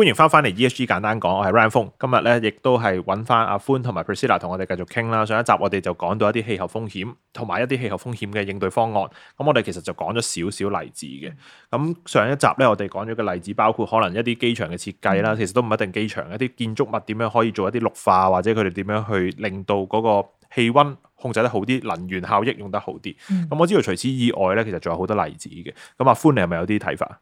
歡迎翻翻嚟，ESG 簡單講，我係 r a n 風，今日咧亦都係揾翻阿歡同埋 Priscilla 同我哋繼續傾啦。上一集我哋就講到一啲氣候風險同埋一啲氣候風險嘅應對方案，咁我哋其實就講咗少少例子嘅。咁上一集咧，我哋講咗個例子包括可能一啲機場嘅設計啦，嗯、其實都唔一定機場一啲建築物點樣可以做一啲綠化，或者佢哋點樣去令到嗰個氣温控制得好啲，能源效益用得好啲。咁、嗯嗯、我知道除此以外咧，其實仲有好多例子嘅。咁阿歡，你係咪有啲睇法？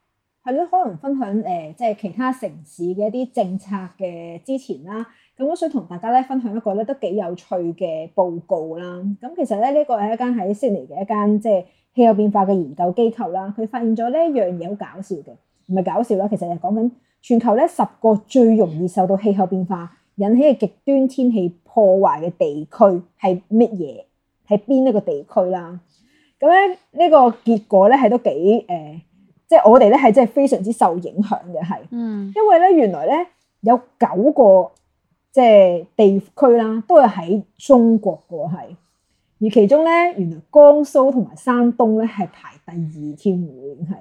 係咯，可能分享誒，即係其他城市嘅一啲政策嘅之前啦。咁我想同大家咧分享一個咧都幾有趣嘅報告啦。咁其實咧，呢個係一間喺悉尼嘅一間即係氣候變化嘅研究機構啦。佢發現咗呢一樣嘢好搞笑嘅，唔係搞笑啦，其實係講緊全球咧十個最容易受到氣候變化引起嘅極端天氣破壞嘅地區係乜嘢，喺邊一個地區啦？咁咧呢個結果咧係都幾誒。即係我哋咧，係真係非常之受影響嘅，係。嗯。因為咧，原來咧有九個即係地區啦，都係喺中國嘅喎，係。而其中咧，原來江蘇同埋山東咧，係排第二添喎，係。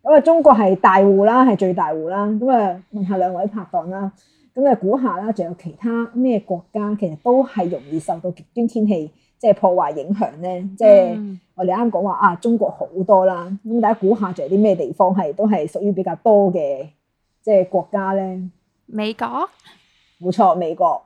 咁啊，中國係大戶啦，係最大戶啦。咁啊，問下兩位拍檔啦，咁啊估下啦，仲有其他咩國家其實都係容易受到極端天氣？即係破壞影響咧，即係我哋啱講話啊，中國好多啦，咁大家估下仲有啲咩地方係都係屬於比較多嘅即係國家咧？美國，冇錯，美國。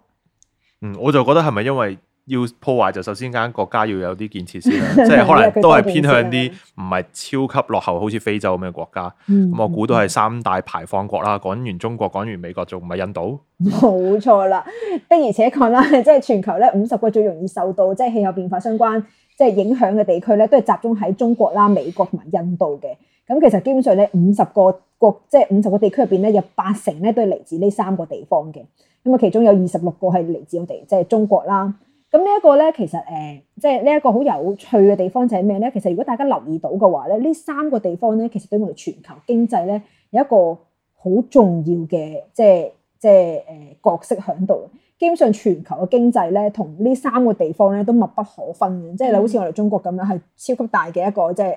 嗯，我就覺得係咪因為？要破壞就首先間國家要有啲建設先 即係可能都係偏向啲唔係超級落後，好似非洲咁嘅國家。咁、 嗯、我估都係三大排放國啦。講完中國，講完美國，仲唔係印度？冇錯啦。的、嗯、 而且確啦，即係全球咧五十個最容易受到即係氣候變化相關即係影響嘅地區咧，都係集中喺中國啦、美國同埋印度嘅。咁其實基本上咧五十個國，即係五十個地區入邊咧，有八成咧都係嚟自呢三個地方嘅。咁啊，其中有二十六個係嚟自我哋即係中國啦。咁呢一個咧，其實誒，即係呢一個好有趣嘅地方就係咩咧？其實如果大家留意到嘅話咧，呢三個地方咧，其實對我哋全球經濟咧，有一個好重要嘅即係即係誒角色喺度。基本上全球嘅經濟咧，同呢三個地方咧都密不可分嘅。嗯、即係你好似我哋中國咁樣，係超級大嘅一個即係誒，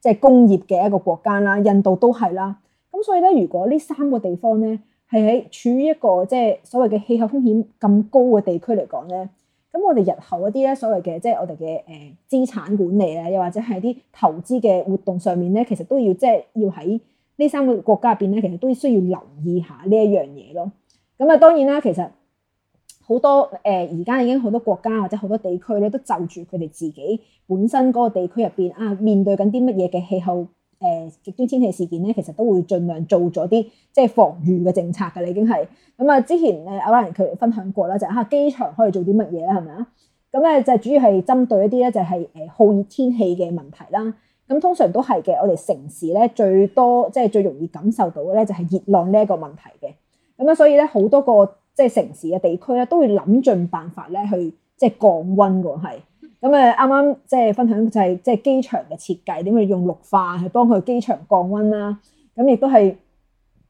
即係、呃、工業嘅一個國家啦，印度都係啦。咁所以咧，如果呢三個地方咧係喺處於一個即係所謂嘅氣候風險咁高嘅地區嚟講咧。咁我哋日後嗰啲咧，所謂嘅即係我哋嘅誒資產管理咧，又或者係啲投資嘅活動上面咧，其實都要即係、就是、要喺呢三個國家入邊咧，其實都需要留意下呢一樣嘢咯。咁啊，當然啦，其實好多誒而家已經好多國家或者好多地區咧，都就住佢哋自己本身嗰個地區入邊啊，面對緊啲乜嘢嘅氣候。誒、呃、極端天氣事件咧，其實都會盡量做咗啲即係防禦嘅政策嘅，已經係咁啊！之前誒阿蘭佢分享過啦，就係嚇、是啊、機場可以做啲乜嘢啦，係咪啊？咁、嗯、咧、嗯、就係、主要係針對一啲咧就係誒酷熱天氣嘅問題啦。咁、嗯、通常都係嘅，我哋城市咧最多即係最容易感受到嘅咧就係熱浪呢一個問題嘅。咁、嗯、啊，所以咧好多個即係城市嘅地區咧都會諗盡辦法咧去即係降溫㗎，係。咁誒啱啱即係分享就係即係機場嘅設計點去用綠化去幫佢機場降溫啦。咁亦都係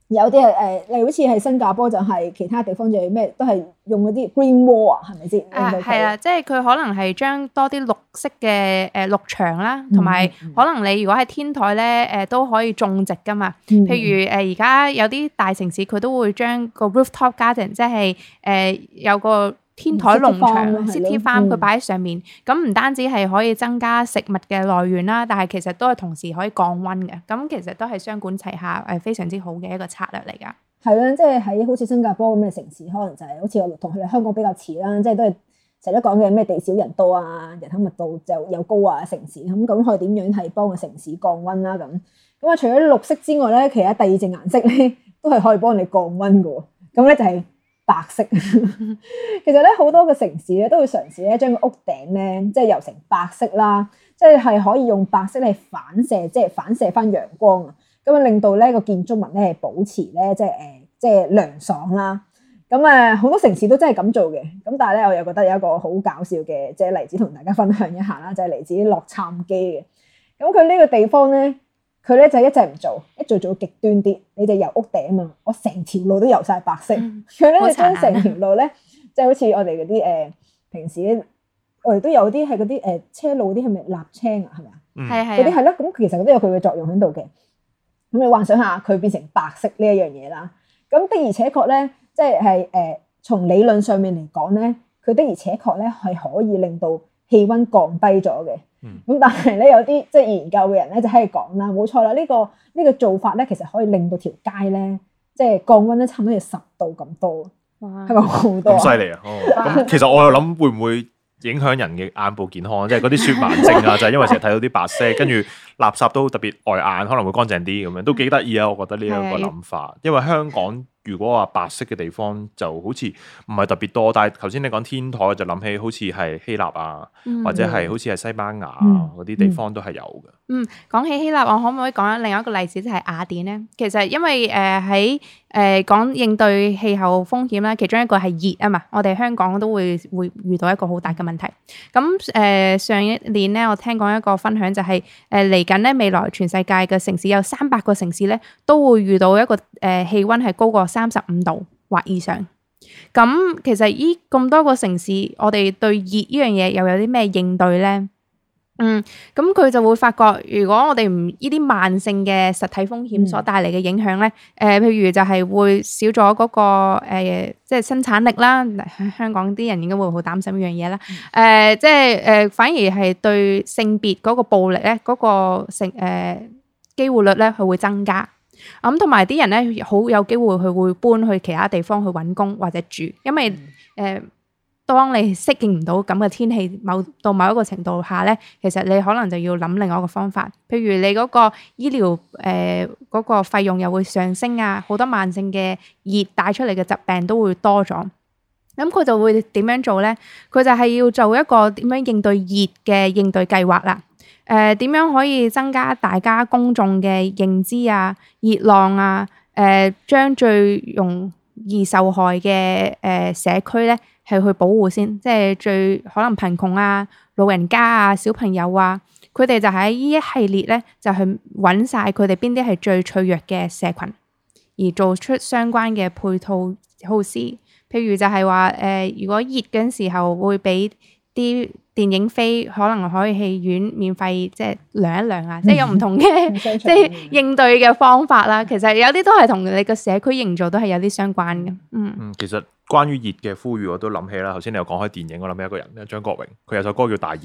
有啲誒，例如好似係新加坡就係、是、其他地方就係、是、咩都係用嗰啲 green wall 啊，係咪先？啊，係啊，即係佢可能係將多啲綠色嘅誒、呃、綠牆啦，同埋可能你如果喺天台咧誒、呃、都可以種植噶嘛。嗯、譬如誒，而、呃、家有啲大城市佢都會將個 rooftop garden 即係誒、呃、有個。.天台農場、City Farm，佢擺喺上面，咁唔、嗯、單止係可以增加食物嘅來源啦，但係其實都係同時可以降溫嘅。咁其實都係雙管齊下，誒，非常之好嘅一個策略嚟噶。係啦，即係喺好似新加坡咁嘅城市，可能就係、是、好似我同佢哋香港比較似啦，即係都係成日都講嘅咩地少人多啊，人口密度就又高啊，城市咁咁可以點樣係幫個城市降溫啦咁。咁啊，除咗綠色之外咧，其實第二隻顏色咧都係可以幫你降溫嘅。咁咧就係、是。白色， 其實咧好多嘅城市咧都會嘗試咧將個屋頂咧即係油成白色啦，即係係可以用白色嚟反射，即係反射翻陽光、呃、啊，咁啊令到咧個建築物咧係保持咧即係誒即係涼爽啦。咁啊好多城市都真係咁做嘅，咁但係咧我又覺得有一個好搞笑嘅即係例子同大家分享一下啦，就係、是、嚟自洛杉磯嘅。咁佢呢個地方咧。佢咧就一直唔做，一做做極端啲。你哋油屋頂嘛、啊，我成條路都油晒白色。佢咧將成條路咧， 就好似我哋嗰啲誒平時，我哋都有啲係嗰啲誒車路啲，係咪瀝青啊？係咪啊？係係嗰啲係囉。咁些、嗯、其實都有佢嘅作用喺度嘅。咁你幻想下佢變成白色呢一樣嘢啦。咁的而且確咧，即係誒從理論上面嚟講咧，佢的而且確咧係可以令到。氣溫降低咗嘅，咁但係咧有啲即係研究嘅人咧就喺度講啦，冇錯啦，呢個呢個做法咧其實可以令到條街咧即係降溫咧差唔多要十度咁多哇，係咪好多？咁犀利啊！咁、 哦、其實我又諗會唔會影響人嘅眼部健康，即係嗰啲雪盲症啊， 就係因為成日睇到啲白色，跟住 垃圾都特別礙眼，可能會乾淨啲咁樣，都幾得意啊！我覺得呢一個諗法，是因為香港，如果話白色嘅地方就好似唔係特別多，但係頭先你講天台，我就諗起好似係希臘啊，嗯、或者係好似係西班牙啊嗰啲地方都係有嘅。嗯，講起希臘，我可唔可以講下另外一個例子，就係、是、雅典呢？其實因為誒喺、呃誒講應對氣候風險啦，其中一個係熱啊嘛，我哋香港都會會遇到一個好大嘅問題。咁誒上一年咧，我聽講一個分享就係誒嚟緊咧，未來全世界嘅城市有三百個城市咧都會遇到一個誒氣温係高過三十五度或以上。咁其實依咁多個城市，我哋對熱呢樣嘢又有啲咩應對咧？嗯，咁佢就會發覺，如果我哋唔依啲慢性嘅實體風險所帶嚟嘅影響咧，誒、嗯，譬、呃、如就係會少咗嗰、嗰個、呃、即係生產力啦。香港啲人應該會好擔心呢樣嘢啦。誒、嗯呃，即係誒、呃，反而係對性別嗰個暴力咧，嗰、嗰個性誒機會率咧佢會增加。咁同埋啲人咧，好有機會佢會搬去其他地方去揾工或者住，因為誒。嗯呃當你適應唔到咁嘅天氣，某到某一個程度下咧，其實你可能就要諗另外一個方法。譬如你嗰個醫療誒嗰、呃嗰個費用又會上升啊，好多慢性嘅熱帶出嚟嘅疾病都會多咗。咁、嗯、佢就會點樣做咧？佢就係要做一個點樣應對熱嘅應對計劃啦。誒、呃、點樣可以增加大家公眾嘅認知啊？熱浪啊？誒、呃、將最容易受害嘅誒、呃、社區咧？係去保護先，即係最可能貧窮啊、老人家啊、小朋友啊，佢哋就喺呢一系列咧，就去揾晒佢哋邊啲係最脆弱嘅社群，而做出相關嘅配套措施。譬如就係話，誒、呃，如果熱嘅時候會俾啲。電影飛可能可以戲院免費，即係涼一涼啊！即係有唔同嘅，嗯、即係應對嘅方法啦。其實有啲都係同你個社區營造都係有啲相關嘅。嗯，嗯，其實關於熱嘅呼籲，我都諗起啦。頭先你又講開電影，我諗起一個人咧，張國榮，佢有首歌叫《大熱》，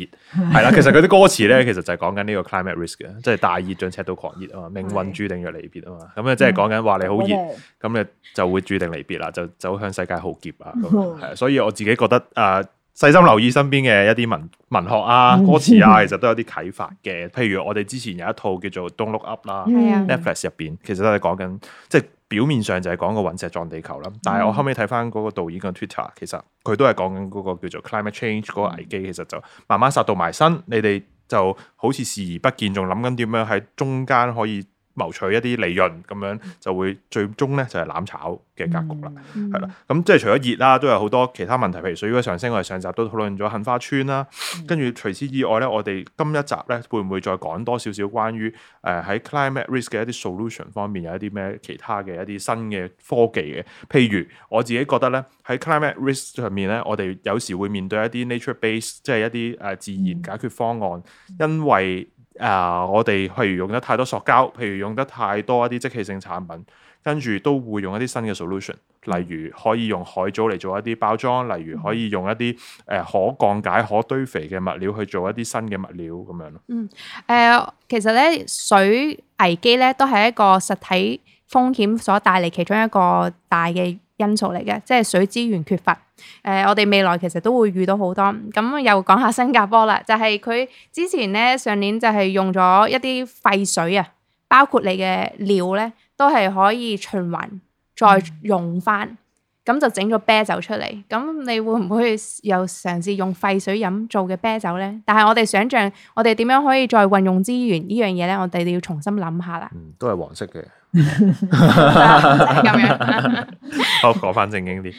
係啦。其實佢啲歌詞咧，其實就係講緊呢個 climate risk 嘅， 即係大熱將赤道狂熱啊嘛，命運注定要離別啊嘛。咁啊的，嗯、即係講緊話你好熱，咁你的就會注定離別啦，就走向世界浩劫啊。係 所以我自己覺得啊。呃細心留意身邊嘅一啲文文學啊、歌詞啊，其實都有啲啟發嘅。譬如我哋之前有一套叫做 Don't Look Up、啊《Don't Look Up》啦，Netflix 入邊，其實都係講緊，即係表面上就係講個隕石撞地球啦。但係我後尾睇翻嗰個導演嘅 Twitter，其實佢都係講緊嗰個叫做 climate change 嗰個危機，嗯、其實就慢慢殺到埋身，你哋就好似視而不見，仲諗緊點樣喺中間可以。牟取一啲利潤咁樣就會最終咧就係攬炒嘅格局啦，係啦、嗯。咁即係除咗熱啦，都有好多其他問題。譬如水位上升，我哋上集都討論咗杏花村啦。跟住、嗯、除此以外咧，我哋今一集咧會唔會再講多少少關於誒喺、呃、climate risk 嘅一啲 solution 方面有一啲咩其他嘅一啲新嘅科技嘅？譬如我自己覺得咧喺 climate risk 上面咧，我哋有時會面對一啲 nature base，即係一啲誒自然解決方案，嗯嗯、因為。啊、呃！我哋譬如用得太多塑膠，譬如用得太多一啲積氣性產品，跟住都會用一啲新嘅 solution，例如可以用海藻嚟做一啲包裝，例如可以用一啲誒可降解、可堆肥嘅物料去做一啲新嘅物料咁樣咯。嗯，誒、呃，其實咧水危機咧都係一個實體風險所帶嚟其中一個大嘅因素嚟嘅，即係水資源缺乏。誒、呃，我哋未來其實都會遇到好多。咁又講下新加坡啦，就係、是、佢之前呢上年就係用咗一啲廢水啊，包括你嘅尿呢都係可以循環再用翻。咁、嗯、就整咗啤酒出嚟。咁你會唔會又嘗試用廢水飲做嘅啤酒呢？但係我哋想象，我哋點樣可以再運用資源呢樣嘢呢？我哋要重新諗下啦、嗯。都係黃色嘅。 好講翻正經啲。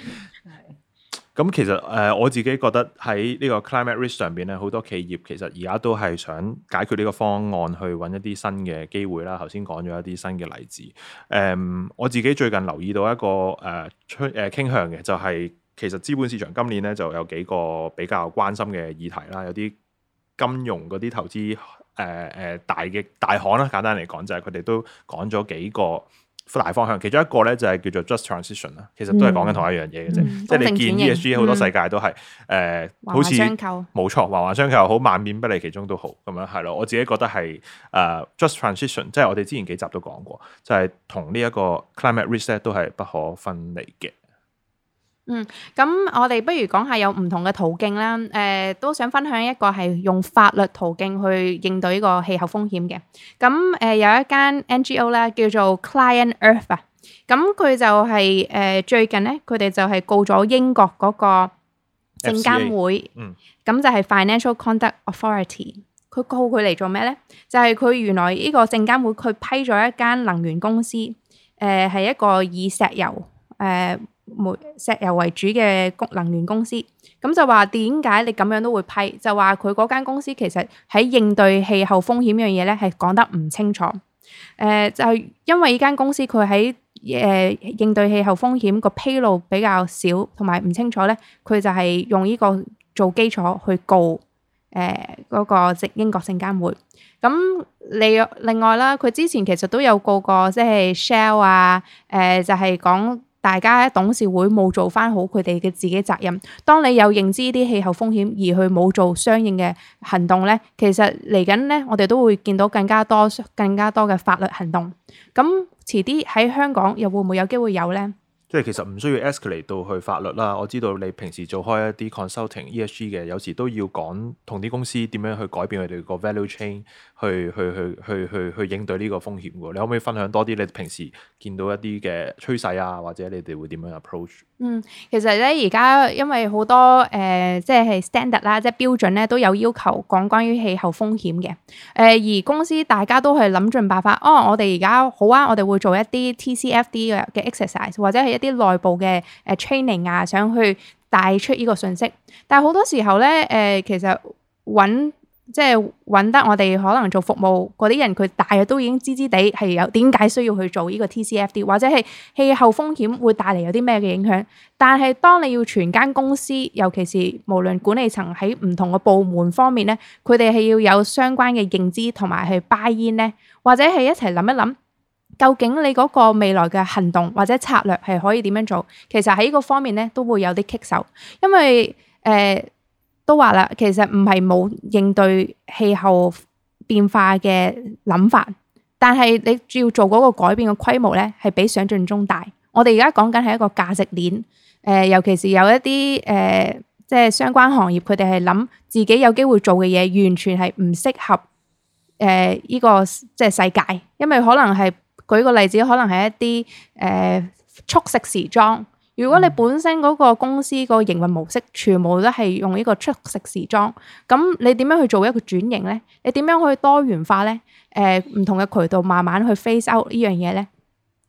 咁 其實誒，我自己覺得喺呢個 climate risk 上邊咧，好多企業其實而家都係想解決呢個方案，去揾一啲新嘅機會啦。頭先講咗一啲新嘅例子。誒、um，我自己最近留意到一個誒誒傾向嘅，就係、是、其實資本市場今年咧就有幾個比較關心嘅議題啦，有啲。金融嗰啲投資誒誒、呃呃、大嘅大行啦，簡單嚟講就係佢哋都講咗幾個大方向，其中一個咧就係、是、叫做 just transition 啦，其實都係講緊同一樣嘢嘅啫，嗯、即係你見 ESG 好多世界都係誒、嗯呃，好似冇錯，環環相扣又好，萬變不離其中都好咁樣係咯。我自己覺得係誒、呃、just transition，即係我哋之前幾集都講過，就係同呢一個 climate reset 都係不可分離嘅。嗯，咁我哋不如講下有唔同嘅途徑啦。誒，都想分享一個係用法律途徑去應對呢個氣候風險嘅。咁誒，有一間 NGO 啦，叫做 Client Earth 啊。咁佢就係誒最近咧，佢哋就係告咗英國嗰個證監會。嗯。咁就係 Financial Conduct Authority。佢告佢嚟做咩咧？就係佢原來呢個證監會佢批咗一間能源公司，誒係一個以石油誒。煤石油為主嘅供能源公司，咁就話點解你咁樣都會批？就話佢嗰間公司其實喺應對氣候風險樣嘢咧，係講得唔清楚。誒，就係因為依間公司佢喺誒應對氣候風險個披露比較少，同埋唔清楚咧，佢就係用呢個做基礎去告誒嗰個即英國證監會。咁你另外啦，佢之前其實都有告過，即係 Shell 啊，誒就係講。大家喺董事會冇做翻好佢哋嘅自己責任。當你有認知啲氣候風險而去冇做相應嘅行動呢，其實嚟緊呢，我哋都會見到更加多、更加多嘅法律行動。咁遲啲喺香港又會唔會有機會有呢？即係其實唔需要 escalate 到去法律啦。我知道你平時做開一啲 consulting ESG 嘅，有時都要講同啲公司點樣去改變佢哋個 value chain，去去去去去去，去應對呢個風險。你可唔可以分享多啲你平時見到一啲嘅趨勢啊？或者你哋會點樣 approach？嗯，其實咧而家因為好多誒、呃，即係 standard 啦，即係標準咧都有要求講關於氣候風險嘅。誒、呃、而公司大家都係諗盡辦法。哦，我哋而家好啊，我哋會做一啲 TCFD 嘅 exercise，或者係一啲內部嘅誒 training 啊，想去帶出呢個信息，但係好多時候呢，誒、呃、其實揾即係揾得我哋可能做服務嗰啲人，佢大約都已經知知地係有點解需要去做呢個 TCFD，或者係氣候風險會帶嚟有啲咩嘅影響。但係當你要全間公司，尤其是無論管理層喺唔同嘅部門方面呢，佢哋係要有相關嘅認知同埋去 buy in 呢，或者係一齊諗一諗。究竟你嗰個未來嘅行動或者策略係可以點樣做？其實喺呢個方面咧，都會有啲棘手，因為誒都話啦，其實唔係冇應對氣候變化嘅諗法，但係你要做嗰個改變嘅規模咧，係比想像中大。我哋而家講緊係一個價值鏈，誒尤其是有一啲誒即係相關行業，佢哋係諗自己有機會做嘅嘢，完全係唔適合誒呢個即係世界，因為可能係。舉個例子，可能係一啲誒、呃、速食時裝。如果你本身嗰個公司個營運模式全部都係用呢個速食時裝，咁你點樣去做一個轉型咧？你點樣去多元化咧？誒、呃、唔同嘅渠道慢慢去 face out 呢樣嘢咧？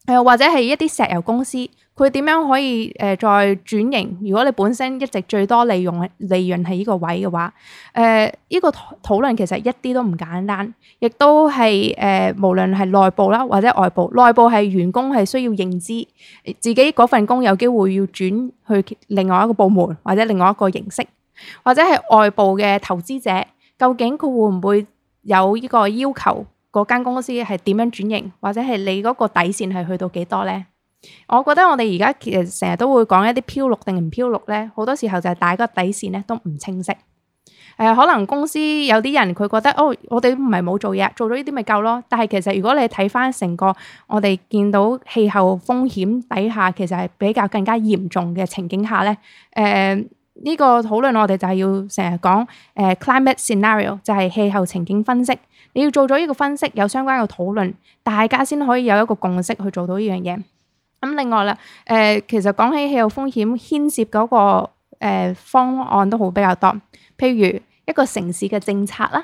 誒、呃、或者係一啲石油公司。佢點樣可以誒再轉型？如果你本身一直最多利用利潤係呢個位嘅話，誒呢個討論其實一啲都唔簡單，亦都係誒無論係內部啦或者外部，內部係員工係需要認知自己嗰份工有機會要轉去另外一個部門或者另外一個形式，或者係外部嘅投資者，究竟佢會唔會有呢個要求，嗰間公司係點樣轉型，或者係你嗰個底線係去到幾多咧？我覺得我哋而家其實成日都會講一啲漂綠定唔漂綠呢，好多時候就係大家底線呢都唔清晰。誒、呃，可能公司有啲人佢覺得哦，我哋唔係冇做嘢，做咗呢啲咪夠咯。但係其實如果你睇翻成個我哋見到氣候風險底下，其實係比較更加嚴重嘅情景下呢。誒、呃，呢個討論我哋就係要成日講誒 climate scenario，就係氣候情景分析。你要做咗呢個分析，有相關嘅討論，大家先可以有一個共識去做到呢樣嘢。咁另外啦，誒、呃、其實講起氣候風險牽涉嗰、嗰個、呃、方案都好比較多，譬如一個城市嘅政策啦，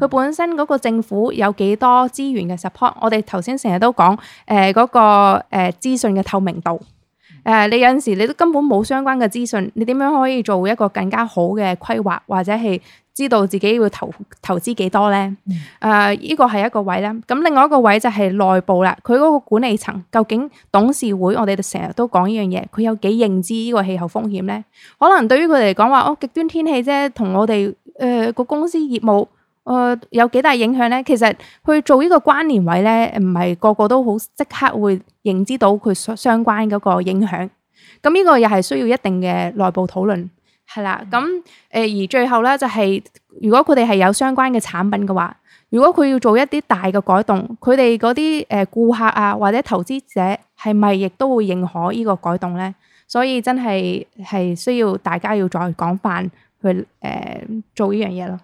佢本身嗰個政府有幾多資源嘅 support，我哋頭先成日都講誒嗰個誒、呃、資訊嘅透明度，誒、呃、你有陣時你都根本冇相關嘅資訊，你點樣可以做一個更加好嘅規劃或者係？知道自己會投投資幾多呢？誒、呃，依、呢個係一個位啦。咁另外一個位就係內部啦。佢嗰個管理層究竟董事會，我哋成日都講呢樣嘢，佢有幾認知呢個氣候風險呢？可能對於佢嚟講話哦，極端天氣啫，同我哋誒個公司業務誒、呃、有幾大影響呢？其實去做呢個關聯位呢，唔係個個都好即刻會認知到佢相關嗰個影響。咁、嗯、呢、呢個又係需要一定嘅內部討論。係啦，咁誒而最後咧、就是，就係如果佢哋係有相關嘅產品嘅話，如果佢要做一啲大嘅改動，佢哋嗰啲誒顧客啊或者投資者係咪亦都會認可呢個改動咧？所以真係係需要大家要再廣泛去誒、呃、做呢樣嘢咯。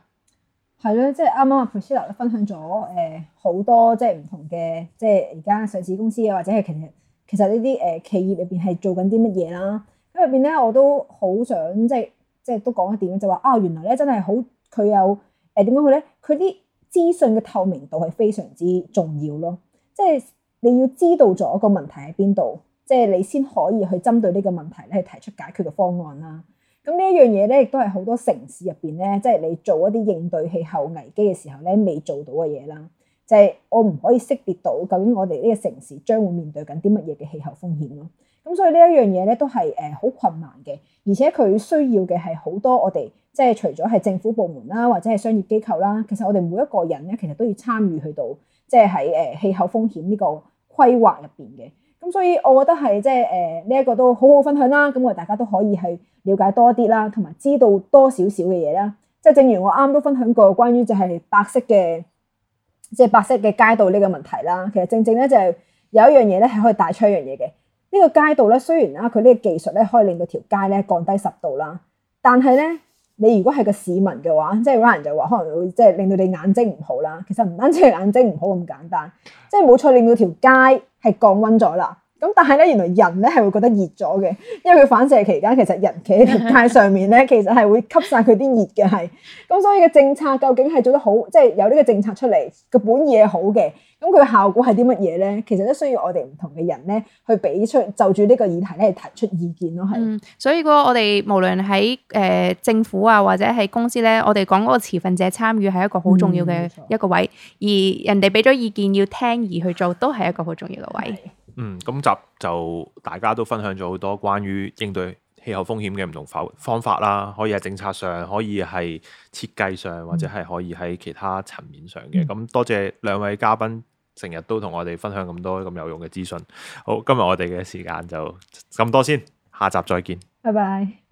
係咯，即係啱啱阿 Priscilla 分享咗誒好多即係唔同嘅，即係而家上市公司啊，或者係其，其實其實呢啲誒企業入邊係做緊啲乜嘢啦？喺入邊咧，我都好想即係即係都講一點，就話、是、啊，原來咧真係好佢有誒點講好咧，佢啲資訊嘅透明度係非常之重要咯。即係你要知道咗個問題喺邊度，即係你先可以去針對呢個問題咧去提出解決嘅方案啦。咁、啊、呢一樣嘢咧，亦都係好多城市入邊咧，即係你做一啲應對氣候危機嘅時候咧，未做到嘅嘢啦。就係我唔可以識別到究竟我哋呢個城市將會面對緊啲乜嘢嘅氣候風險咯。咁所以呢一樣嘢咧都係誒好困難嘅，而且佢需要嘅係好多我哋即係除咗係政府部門啦，或者係商業機構啦。其實我哋每一個人咧，其實都要參與去到即係喺誒氣候風險呢個規劃入邊嘅。咁所以我覺得係即係誒呢一個都好好分享啦。咁我哋大家都可以係了解多啲啦，同埋知道多少少嘅嘢啦。即係正如我啱都分享過關於就係白色嘅即係白色嘅街道呢個問題啦。其實正正咧就係有一樣嘢咧係可以帶出一樣嘢嘅。呢個街道咧，雖然啦，佢呢個技術咧可以令到條街咧降低十度啦，但係咧，你如果係個市民嘅話，即係有人就話可能會即係令到你眼睛唔好啦。其實唔單止係眼睛唔好咁簡單，即係冇錯，令到條街係降溫咗啦。咁但係咧，原來人咧係會覺得熱咗嘅，因為佢反射期間，其實人企喺條街上面咧， 其實係會吸晒佢啲熱嘅，係。咁所以個政策究竟係做得好，即係有呢個政策出嚟，個本意係好嘅。咁佢效果係啲乜嘢咧？其實都需要我哋唔同嘅人咧，去俾出就住呢個議題咧，提出意見咯。係、嗯。所以個我哋無論喺誒政府啊，或者係公司咧，我哋講嗰個持份者參與係一個好重要嘅一個位，嗯、而人哋俾咗意見要聽而去做，都係一個好重要嘅位。嗯，今集就大家都分享咗好多關於應對氣候風險嘅唔同方法啦，可以係政策上，可以係設計上，或者係可以喺其他層面上嘅。咁、嗯、多謝兩位嘉賓成日都同我哋分享咁多咁有用嘅資訊。好，今日我哋嘅時間就咁多先，下集再見。拜拜。